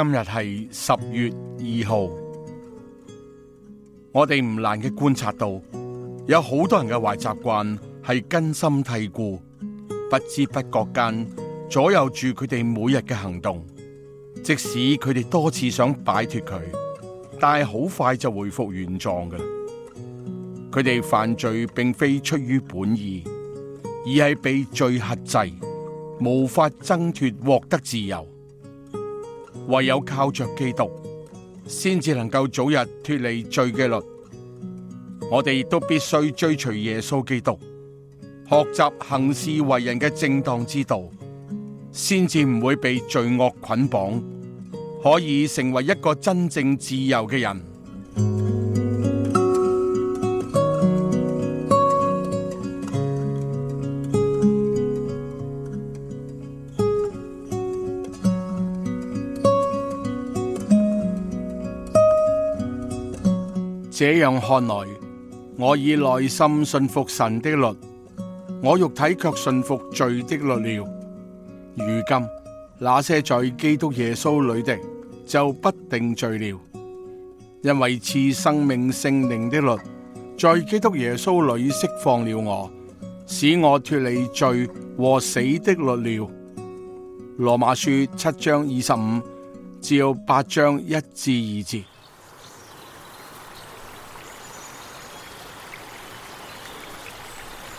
今日係十月二號，我哋唔難嘅觀察到，有好多人嘅壞習慣係根深蒂固，不知不覺間左右住佢哋每日嘅行動。即使佢哋多次想擺脫佢，但係好快就回復原狀㗎。佢哋犯罪並非出於本意，而係被罪轄制，無法掙脫，獲得自由。唯有靠着基督，先至能夠早日脫離罪嘅律。我哋亦都必須追隨耶穌基督，學習行事為人嘅正當之道，先至唔會被罪惡捆綁，可以成為一個真正自由嘅人。這樣看來，我以內心信服神的律，我肉體卻信服罪的律了。如今那些在基督耶穌裏的，就不定罪了，因為賜生命聖靈的律在基督耶穌裏釋放了我，使我脱離罪和死的律了。羅馬書七章二十五至八章一至二節。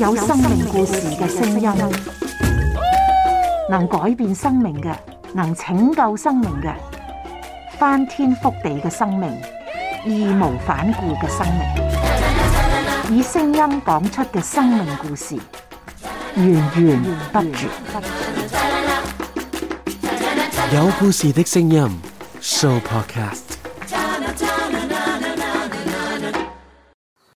有生命故事嘅聲音，能改變生命嘅，能拯救生命嘅，翻天覆地嘅生命，義無反顧嘅生命，以聲音講出嘅生命故事，源源不絕。有故事嘅聲音，Sooopodcast。